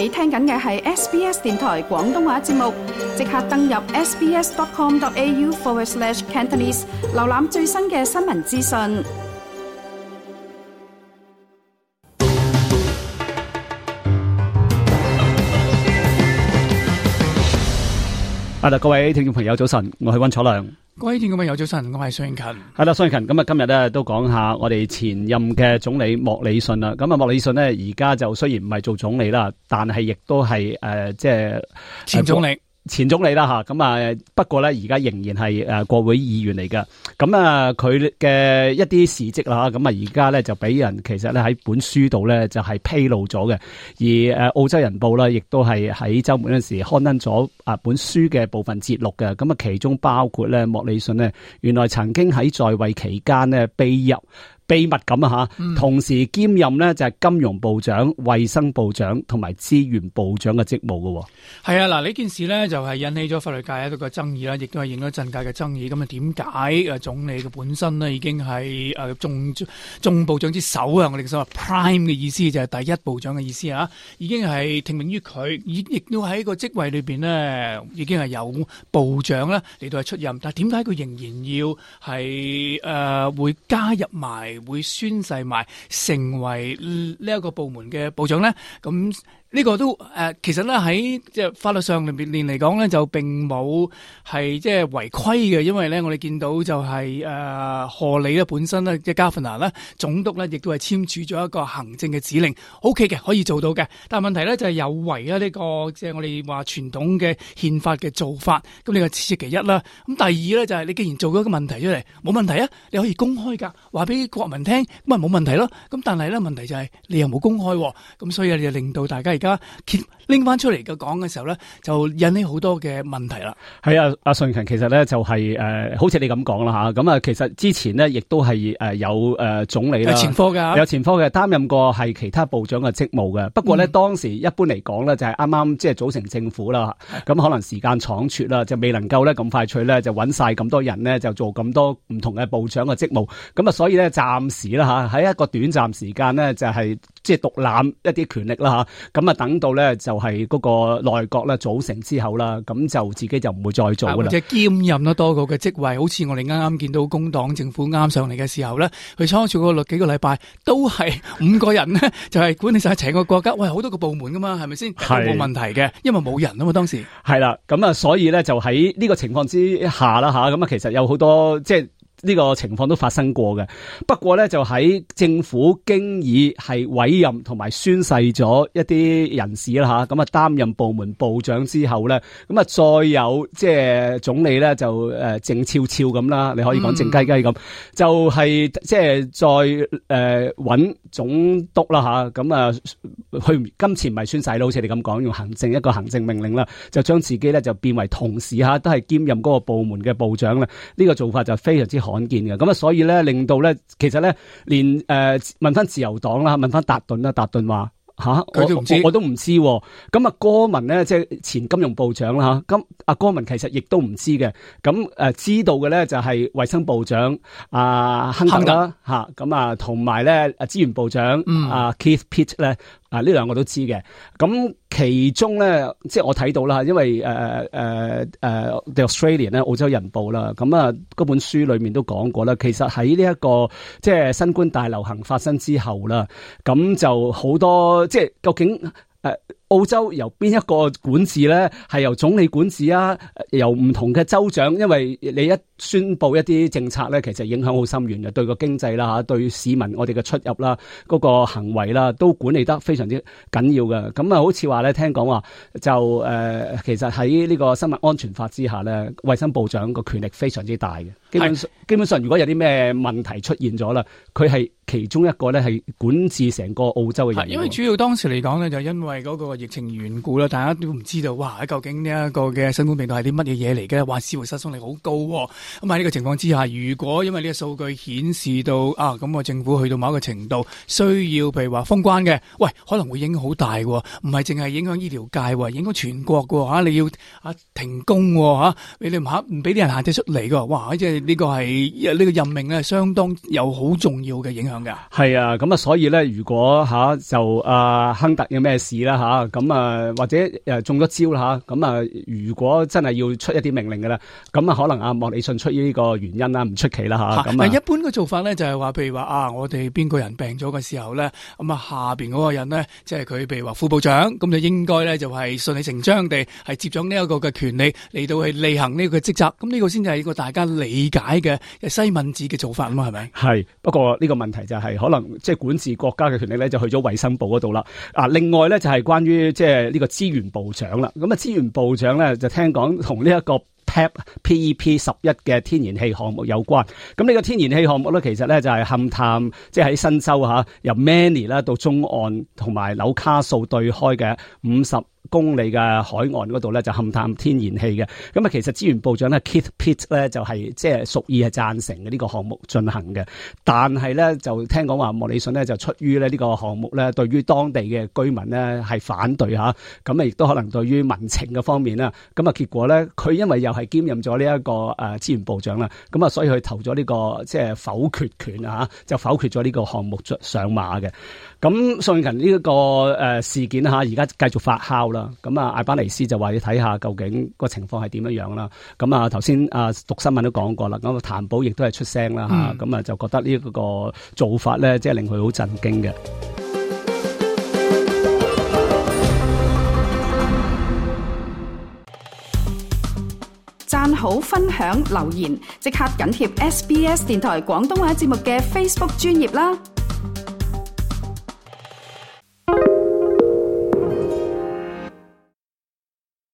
你聽緊嘅係 SBS 電台廣東話節目，即刻登入 sbs.com.au forward slash cantonese，瀏覽最新嘅新聞資訊。啊！各位聽眾朋友，早晨，我係温楚良。貴天咁啊，有早晨，我係蘇應勤。係啦，蘇應勤，咁啊，今日咧都講下我哋前任嘅總理莫理遜啦。咁啊，莫理遜咧，而家就雖然唔係做總理啦，但係亦都係誒，即、呃、係、就係、前總理。前總理啦嚇，咁啊不過咧，而家仍然係誒國會議員嚟嘅，咁啊佢嘅一啲事跡啦嚇，咁啊而家咧就俾人其實咧喺本書度咧就係披露咗嘅，而誒澳洲人報呢，亦都係喺週末嗰陣時刊登咗啊本書嘅部分節錄嘅，咁啊其中包括咧莫理遜呢，原來曾經喺在位期間呢，被入。秘密咁啊吓，同時兼任咧就係金融部長、衛生部長同埋資源部長嘅職務嘅。係啊，嗱呢件事咧就係引起咗法律界一個爭議啦，亦都係影響咗政界嘅爭議。咁啊，點解啊總理嘅本身咧已經係誒眾眾部長之首啊？我哋所謂 prime 嘅意思就係第一部長嘅意思啊，已經係聽命於佢，亦亦都喺個職位裏邊咧已經係有部長咧嚟到係出任，但係點解佢仍然要係誒會加入埋？會宣誓埋，成為呢一個部門嘅部長咧，咁。呢、這個都誒、呃，其實咧喺即係法律上面面嚟講咧，就並冇係即係違規嘅，因為咧我哋見到就係誒賀里咧本身咧即係加弗納咧總督咧，亦都係簽署咗一個行政嘅指令，O K 嘅可以做到嘅。但係問題咧就係、是、有違啦呢、這個即係、就是、我哋話傳統嘅憲法嘅做法，咁呢個是其一啦。咁第二咧就係、是、你既然做咗個問題出嚟，冇問題啊，你可以公開噶，話俾國民聽，咁咪冇問題咯。咁但係咧問題就係你又冇公開、啊，咁所以你就令到大家。而家拎翻出嚟嘅講嘅時候咧，就引起好多嘅問題啦。係啊，阿馴強其實咧就係誒，好似你咁講啦嚇。咁啊，其實之前咧亦都係誒有誒總理啦，有前科嘅，有前科嘅，擔任過係其他部長嘅職務嘅。不過咧，當時一般嚟講咧，就係啱啱即係組成政府啦，咁可能時間倉促啦，就未能夠咧咁快脆咧就揾曬咁多人咧就做咁多唔同嘅部長嘅職務。咁啊，所以咧暫時啦嚇，喺一個短暫時間咧就係即係獨攬一啲權力啦嚇。咁啊～等到咧就係嗰個內閣咧組成之後啦，咁就自己就唔會再做啦。或者兼任得多個嘅職位，好似我哋啱啱見到工黨政府啱上嚟嘅時候咧，佢倉促嗰個幾幾個禮拜都係五個人呢，就係管理晒成個國家。喂、哎，好多個部門噶嘛，係咪先？係，冇問題嘅，因為冇人啊嘛，當時係啦。咁啊，所以咧就喺呢個情況之下啦吓，咁啊，其實有好多即係。呢、這個情況都發生過嘅，不過咧就喺政府經已係委任同埋宣誓咗一啲人士啦吓，咁啊，擔任部門部長之後咧，咁啊，再有即係總理咧就誒靜悄悄咁啦，你可以講靜雞雞咁、嗯，就係、是、即係再誒揾、呃、總督啦吓，咁啊佢、啊、今次唔係宣誓咯，好似你咁講，用行政一個行政命令啦、啊，就將自己咧就變為同時吓、啊、都係兼任嗰個部門嘅部長啦，呢、這個做法就非常之好。罕見嘅，咁啊，所以咧令到咧，其實咧，連誒、呃、問翻自由黨啦，問翻達頓啦，達頓話吓，佢都、啊、唔知我我，我都唔知。咁啊，哥文咧即係前金融部長啦吓，咁、啊、阿哥文其實亦都唔知嘅。咁誒、呃，知道嘅咧就係衛生部長阿、啊、亨特啦吓，咁啊，同埋咧誒資源部長、嗯、啊 Keith Pitt 咧。啊！呢兩個都知嘅，咁其中咧，即係我睇到啦，因為誒誒誒 The Australian 咧，澳洲人報啦，咁啊，嗰本書裡面都講過啦，其實喺呢一個即係新冠大流行發生之後啦，咁就好多即係究竟誒。呃澳洲由邊一個管治咧？係由總理管治啊？由唔同嘅州長？因為你一宣布一啲政策咧，其實影響好深遠，又對個經濟啦、吓對市民、我哋嘅出入啦、嗰個行為啦，都管理得非常之緊要嘅。咁啊，好似話咧，聽講話就誒、呃，其實喺呢個生物安全法之下咧，衛生部長個權力非常之大嘅。基本上，基本上如果有啲咩問題出現咗啦，佢係其中一個咧，係管治成個澳洲嘅人。因為主要當時嚟講咧，就因為嗰個。疫情緣故啦，大家都唔知道哇！究竟呢一個嘅新冠病毒係啲乜嘢嘢嚟嘅？哇！死亡失蹤率好高，哦，咁喺呢個情況之下，如果因為呢個數據顯示到啊，咁、嗯、啊政府去到某一個程度需要譬如話封關嘅，喂，可能會影響好大嘅，哦，唔係淨係影響醫療界喎、哦，影響全國嘅、哦、嚇、啊，你要啊停工嚇、哦啊，你唔嚇唔俾啲人行出嚟嘅，哇！即係呢個係呢、呢個任命啊，相當有好重要嘅影響嘅。係啊，咁啊，所以咧，如果嚇、啊、就啊亨特有咩事啦、啊、嚇。啊咁啊，或者中咗招啦吓，咁啊，如果真係要出一啲命令嘅啦，咁啊，可能阿莫理遜出於呢個原因啦，唔出奇啦嚇。但係、嗯、一般嘅做法咧，就係話譬如話啊，我哋邊個人病咗嘅時候咧，咁啊下邊嗰個人咧，即係佢譬如話副部長咁就應該咧就係順理成章地係接咗呢一個嘅權力嚟到去履行呢個職責，咁呢個先至係一個大家理解嘅西敏制嘅做法啊嘛，係咪？係。不過呢個問題就係、是、可能即係管治國家嘅權力咧，就去咗衛生部嗰度啦。啊，另外咧就係關於。即係呢個資源部長啦，咁啊資源部長咧就聽講同呢一個 PEP 11嘅天然氣項目有關，咁呢個天然氣項目咧其實咧就係勘探，即係喺新州吓，由 Manly 啦到中岸同埋紐卡素對開嘅五十。公里嘅海岸嗰度咧就勘探天然氣嘅，咁啊其實資源部長咧 Keith Pitt 咧就係即係屬意係贊成嘅呢個項目進行嘅，但係咧就聽講話莫理遜咧就出於咧呢個項目咧對於當地嘅居民咧係反對吓，咁啊亦都可能對於民情嘅方面啦，咁啊結果咧佢因為又係兼任咗呢一個誒資源部長啦，咁啊所以佢投咗呢個即係否決權啊，就否決咗呢個項目上馬嘅。咁最近呢一個誒事件吓，而家繼續發酵。咁啊，艾巴尼斯就話要睇下究竟個情況係點樣樣啦。咁啊，頭先啊讀新聞都講過啦。咁譚寶亦都係出聲啦，吓咁啊，就覺得呢一個做法咧，即係令佢好震驚嘅。讚好、分享、留言，即刻緊貼 SBS 電台廣東話節目嘅 Facebook 專頁啦。